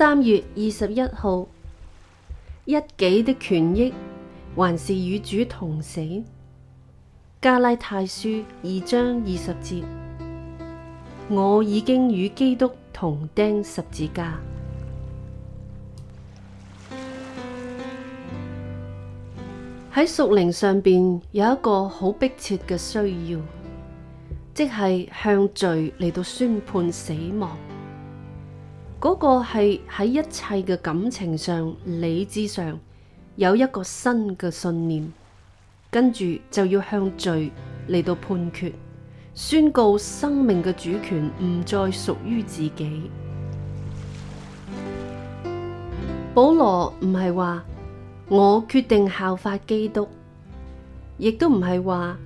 三月二十一號，一己的權益還是與主同死。加拉泰書二章二十節，我已經與基督同釘十字架。喺屬靈上邊有一個好迫切嘅需要，即係向罪嚟到宣判死亡。嗰個係喺一切嘅感情上、理智上有一個新嘅信念，跟住就要向罪嚟到判決，宣告生命嘅主權唔再屬於自己。保羅唔係話我決定效法基督，亦都唔係話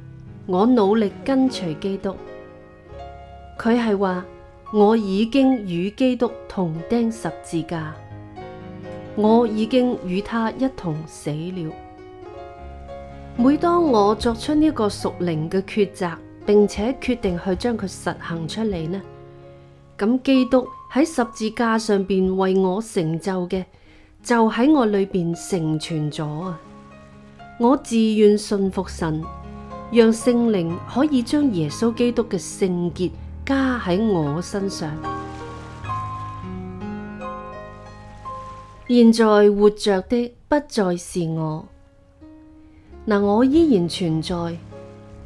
我努力跟隨基督，佢係話。我已經與基督同釘十字架，我已經與他一同死了。每當我作出呢個屬靈嘅抉擇，並且決定去將佢實行出嚟呢，咁基督喺十字架上邊為我成就嘅，就喺我裏邊成全咗啊！我自願信服神，讓聖靈可以將耶穌基督嘅聖潔。加喺我身上，現在活着的不再是我。嗱，我依然存在，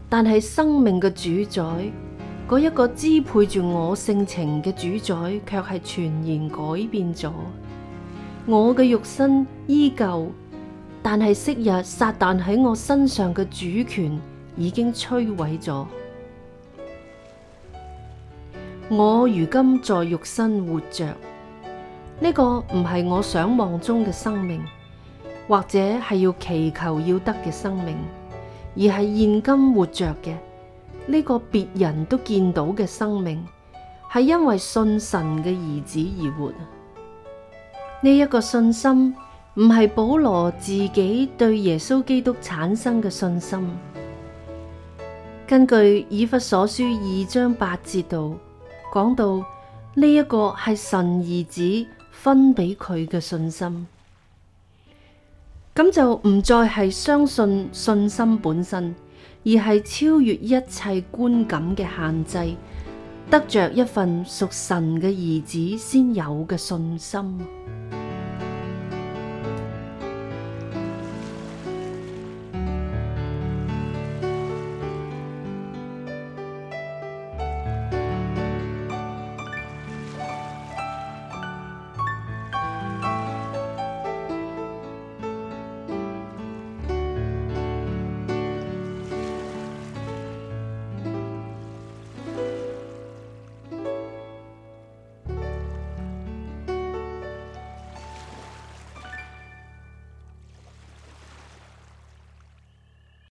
但係生命嘅主宰，嗰一個支配住我性情嘅主宰，卻係全然改變咗。我嘅肉身依舊，但係昔日撒旦喺我身上嘅主權已經摧毀咗。我如今在肉身活着，呢、這個唔係我想望中嘅生命，或者係要祈求要得嘅生命，而係現今活着嘅呢、這個別人都見到嘅生命，係因為信神嘅兒子而活。呢、這、一個信心唔係保羅自己對耶穌基督產生嘅信心，根據以弗所書二章八節度。講到呢一個係神兒子分俾佢嘅信心，咁就唔再係相信信心本身，而係超越一切觀感嘅限制，得着一份屬神嘅兒子先有嘅信心。